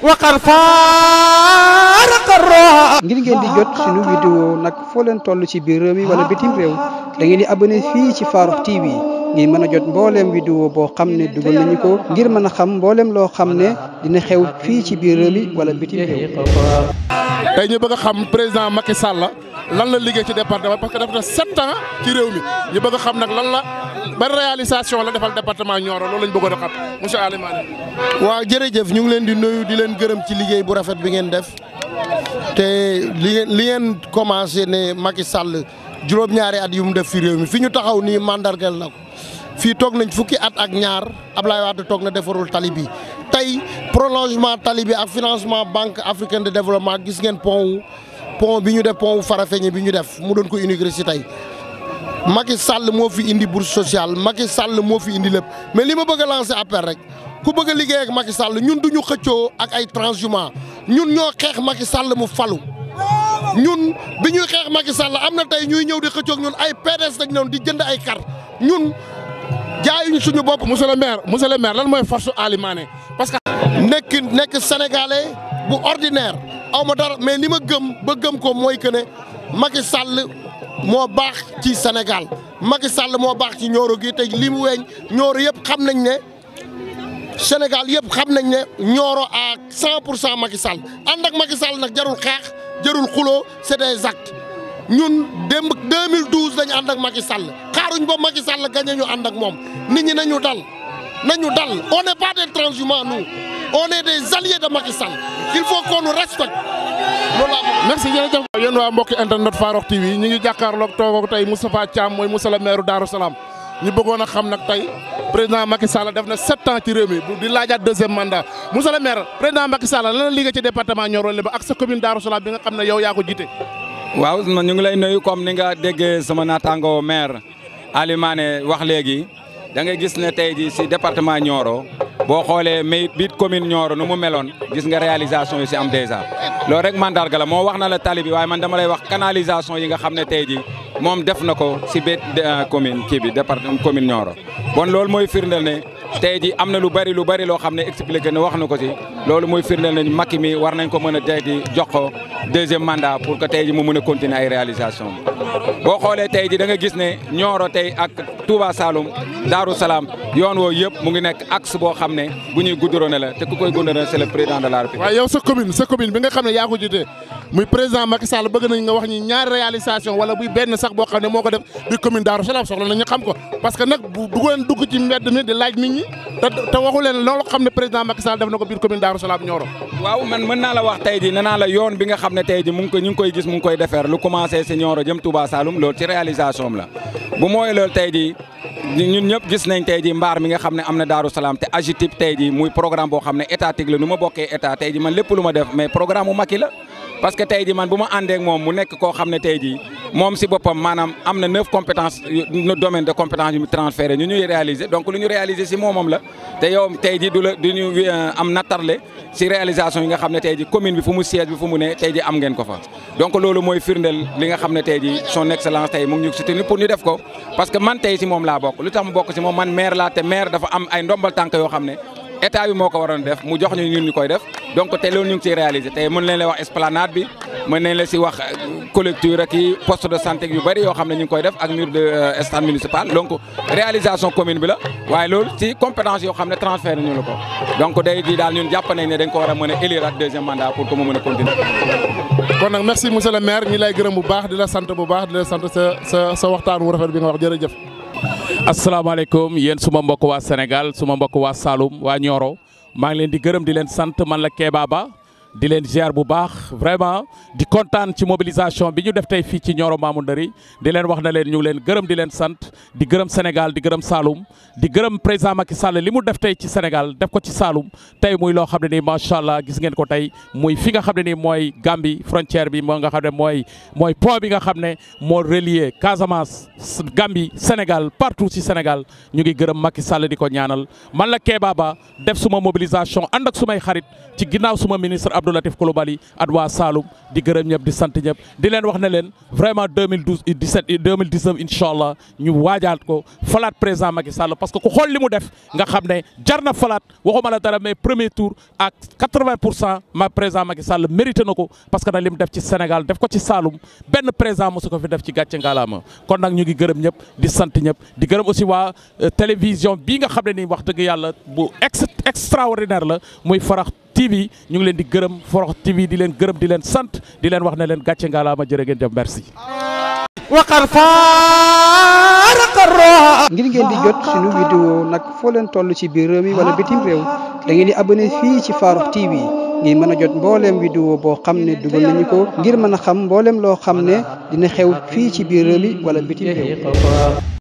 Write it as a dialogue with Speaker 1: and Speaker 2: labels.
Speaker 1: waqar
Speaker 2: faaraqar
Speaker 1: ngir ngeen di jot suñu vidéo nag foo leen toll ci biir réew mi wala bitim réew da di abonné fii ci Farokh TV ngir mën a jot mbooleem vidéo boo xam ne dugal nañu ko ngir mën a xam mbooleem loo xam ne dina xew fii ci biir réew mi wala bitim réew.
Speaker 3: tey ñu bëgg xam président Macky Sall lan la liggéey ci département parce que def na sept ci réew mi ñu bëgg xam nag lan la. ban réalisation la defal département ñoro loolu lañ bëggo a xat monsieur Aly Mané
Speaker 4: waaw jërëjëf ñu ngi leen di nuyu di leen gërëm ci liggéey bu rafet bi ngeen def té li ngeen commencé né Macky Sall juroom ñaari at yu mu def fi réew mi fi ñu taxaw ni mandargal na fi tok nañ fukki at ak ñaar Ablaye Wade tok na defarul talibi tay prolongement talibi ak financement banque africaine de développement gis ngeen pont pont biñu def pont wu biñu def mu doon ko inauguré si tey Macky Sall moo fi indi bourse sociale Macky Sall moo fi indi lépp mais li ma bëgg a lancer appel rek ku bëgg a liggéey ak Macky Sall ñun duñu xëccoo ak ay transhumants ñun ñoo xeex Macky Sall mu falu. ñun bi ñuy xeex Macky Sall am na tey ñuy ñëw di xëccoog ñun ay PDS dañu doon di jënd ay carte ñun jaayuñ suñu bopp. monsieur le maire monsieur le maire lan mooy force Ali parce que. nekk nekk sénégalais bu ordinaire aw ma dara mais li ma gëm ba gëm ko mooy que ne Macky Sall. moo baax ci Sénégal Macky Sall moo baax ci ñooro gi te li mu weñ Nioro yëpp xam nañ ne Sénégal yëpp xam nañ ne Nioro à cent pour cent Macky Sall ànd ak Macky Sall nag jarul xeex jarul xulo c'est des actes ñun démb 2012 dañu ànd ak Macky Sall xaaruñ ba Macky Sall gañe ñu ànd ak moom nit ñi nañu dal nañu dal on n'est pas des transhumants nous on est des alliés de Macky Sall il faut qu'on nous
Speaker 3: merci jërëjëf yéen waa mbokki internet Farokh TV ñi ngi jàkkaarloog toogoo tey Moustapha Thiam mooy Moussa la maire Darou Salaam a xam nag tey président Macky Sall def na sept ans ci réew mi di laajaat deuxième mandat Moussa la maire président Macky Sall lan la liggéey ci département Nioro Leba ak sa commune Darou Salaam bi nga xam ne yow yaa ko jiite
Speaker 1: waaw ñu ngi lay nuyu comme ni nga déggee sama naataango maire Aliou wax léegi da ngay gis ne tey ji si département Nioro boo xoolee mais biit commune Nioro nu mu meloon gis nga réalisation yi si am dèjà loolu rek mandarga moo wax na la tali bi waaye man dama lay wax canalisation yi nga xam ne tey jii moom def na ko si biir euh, commune kii bi département commune Nioro bon loolu mooy firndeel ne. tey ji am na lu bari lu bari loo xam ne expliqué ne wax na ko ci loolu mooy firndeel nañ Macky mi war nañ ko mën a tey ji jox ko deuxième mandat pour que tey ji mu mën a continuer ay réalisation boo xoolee tey ji da nga gis ne Nioro tey ak Touba Saloum Darou Salaam yoon woo yëpp mu ngi nekk axe boo xam ne bu ñuy goudronné la te ku koy goudronné c'est le président de la République. waaye
Speaker 3: yow sa commune sa commune bi nga xam ne yaa ko jiite muy président Macky Sall bëgg nañ nga wax ñi ñaari réalisation wala buy benn sax boo xam ne moo ko def di commune Darou Salam soxla nañu xam ko parce que nag bu duggoon dugg ci mbedd mi di laaj nit te te waxu leen loolu xam ne président Macky def na ko biir commune Darou Salam
Speaker 1: waaw man naa la wax tey ji nee la yoon bi nga xam ne tey ji mu ngi ñu koy gis lu commencé si Nioro jëm Touba Saloum ci réalisation la bu mooy loolu tey ñëpp gis nañ tey ji mi nga xam ne am na Daaru Salaam te AGETIP tey ji muy programme boo xam ma bokkee état tey ji man lu ma def mais programme mu la parce que tey man buma ma ak mom mu nek ko xamné ne tey jii si bopam manam amna 9 compétences no domaine de compétences yu transféré ñu ñuy réaliser donc lu ñu réaliser si momam la té yow tey jii du la ñu euh, am natarlé si réalisation yi nga xamné ne tey commune bi fu mu siège bi fu mu ne tey jii am ngeen ko fa. donc lolu moy firndel li nga xamné ne tey son excellence tay mu ngi ñu soutenir pour ñu def ko parce que man tay si mom la bok lutax mu bok si mom man maire la té maire dafa am ay ndombal tank yo xamné état bi moo ko waroon def mu jox ñu ñu koy def donc te loolu ñu ngi réalisé tey mën leen la wax esplanade bi mën nañ la si wax euh, collecture ak i poste de santé yu bëri yoo xam ne ñu ngi koy def ak mur de euh, stade municipal donc réalisation commune bi la waaye loolu ci compétence yoo xam ne transfert ñu la ko donc daal ñun jàpp nañ ne dañ ko war a mën a élire ak deuxième mandat pour que mu mën a kon
Speaker 3: nag merci monsieur le maire ñi lay gërëm bu baax di la sant bu baax sa sa sa waxtaan wu rafet bi nga wax jërëjëf
Speaker 2: asalaamaaleykum yéen suma mbokk waa Sénégal suma mbokku waa saalum waa Nioro maa ngi leen di gërëm di leen sant man la Kéba Ba di len ziar bu baax vraiment di contane ci mobilisation bi ñu def tay fi ci Nioro Mamoundary di len wax na len ñu len gërëm di len sante di gërëm Sénégal di gërëm Saloum di gërëm président Macky Sall li mu def tay ci Sénégal def ko ci Saloum tay muy lo xamné ni machallah gis ngeen ko tay muy fi nga xamné ne Gambie frontière bi mo nga xamné moy moy mooy pont bi nga xamné mo relier Casamance Gambie Sénégal partout ci Sénégal ñu ngi gërëm Macky Sall di ko ñaanal man la Kéba baba def suma mobilisation ànd ak sumay xarit ci ginnaaw suma ministre Abdou Latif Coulibaly ak waa Saloum di gërëm ñëpp di sant ñëpp di leen wax ne leen vraiment 2012 17 2019 incha allah ñu waajaat ko falaat président Macky Sall parce que ku xool li mu def nga xam ne jar na falaat waxuma la dara mais premier tour ak 80 pour cent ma président Macky Sall mérité na ko parce que nag li mu def ci Sénégal def ko ci Saloum benn président mosu ko fi def ci gàcce ngalaama kon nag ñu ngi gërëm ñëpp di sant ñëpp di gërëm aussi waa euh, télévision bii nga xam ne nii wax dëgg yàlla bu extraordinaire la muy farax TV ñu ngi leen di gërëm Forox TV di leen gërëm di leen sant di leen wax ne leen gàcce ngalaama jërë ngeen dem merci.
Speaker 1: waqar faaraqarra ngir ngeen di jot suñu vidéo nak fo leen tollu ci biir réew mi wala bitim réew da ngeen di abonné fi ci Farokh TV ngir mëna jot mbooleem vidéo bo xamné duggal nañu ko ngir mëna xam mbooleem lo xamné dina xew fi ci biir réew mi wala bitim réew